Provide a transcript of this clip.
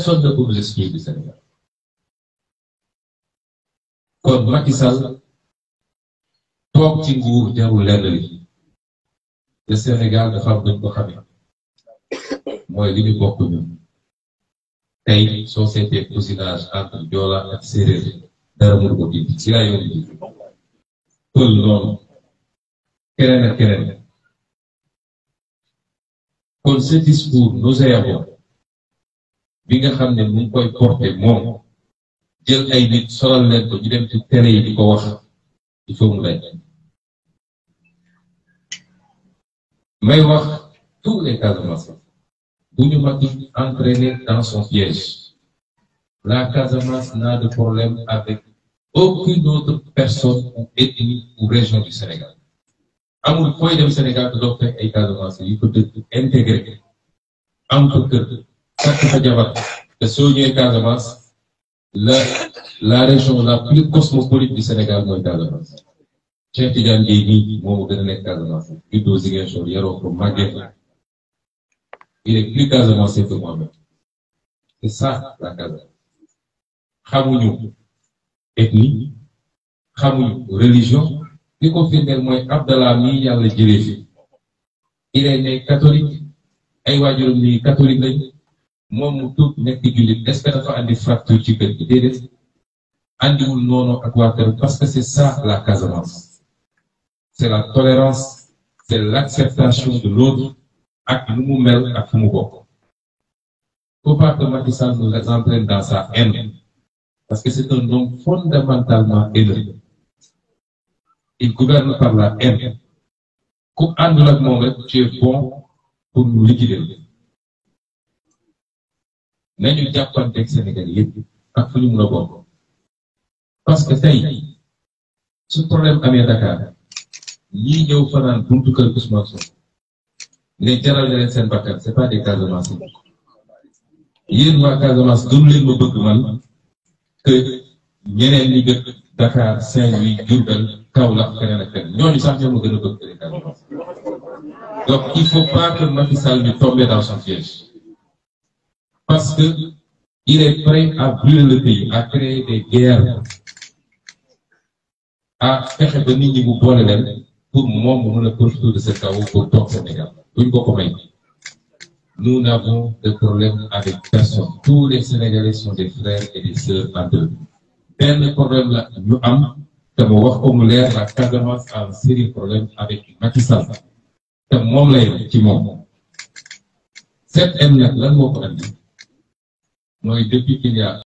source de publicité du Sénégal kon Macky toog ci nguur jarul lenn li te Sénégal dafa am ko xamee mooy li ñu bokk ñun tey soo seetee cousinage entre Joola ak Séeréer dara mënu ko dindi ci laa yoon bi pël noonu keneen ak keneen kon ce discours nous ayons bi nga xam ne mu koy porté moom jël ay nit solal leen ko ñu dem ci tere yi di ko wax il faut mu dañ may wax tous les Casamance bu ñu Macky entraîné dans son piège la Casamance n'a de problème avec aucune autre personne ou ethnie ou région du Sénégal amul fooy dem Sénégal doo fekk ay Casamance yu ko dëkk intégré am ko kër takk sa jabar te soo ñëwee Casamance la la région la plus cosmopolite du Sénégal mooy Casamance Cheikh Tidiane Guèye nii moomu gën a nekk Casamance juddoo Ziguinchor yaroo ko màggee ko il plus Casamance que moi la Casamance xamuñu ethnie xamuñu religion li ko firndeel mooy Abdallah mii yàlla jëlee fi il est né catholique ay waajuram nii catholique lañ moom mu tuub nekk jullit est-ce que dafa andi fracture ci kër gi déedéet andiwul noonu ak parce que c'est ça la Casamance c'est la tolérance c'est l'acceptation de l'autre ak nu mu mel ak fu mu bokk faut pas que Macky Sall nous parce que c'est un homme fondamentalement haineux il gouverne par la haine ku àndul ak moom es bon pour nous liquider nañu jàppanteeg ak fu ñu mën a bokk parce que tey su problème amee Dakar ñii ñëw fanaan buntu kër Ousmane Sonko ne jaral na leen seen bakkan c'est pas des Casamance yéen waa Casamance gënu leen ma bëgg man que ñeneen ñi dëkk Dakar Saint-Louis Diourbel Kaolack feneen ak feneen ñooñu sax ñoo ma gën a bëgg que Casamance donc il faut pas que Macky Sall ñu tombe dans son piège. parce que il est prêt à brûler le pays à créer des guerres à fexe ba nit ñi pour moom mu mën a de ce chaos pour toog Sénégal buñ ko ko nous n'avons de problème avec personne tous les Sénégalais des frères et des sœurs entre eux benn problème la ñu am te mu wax ko mu leer la Casamance a un sérieux problème avec Macky Sall te moom lay ci moom cette haine nag lan moo mooy depuis qu'il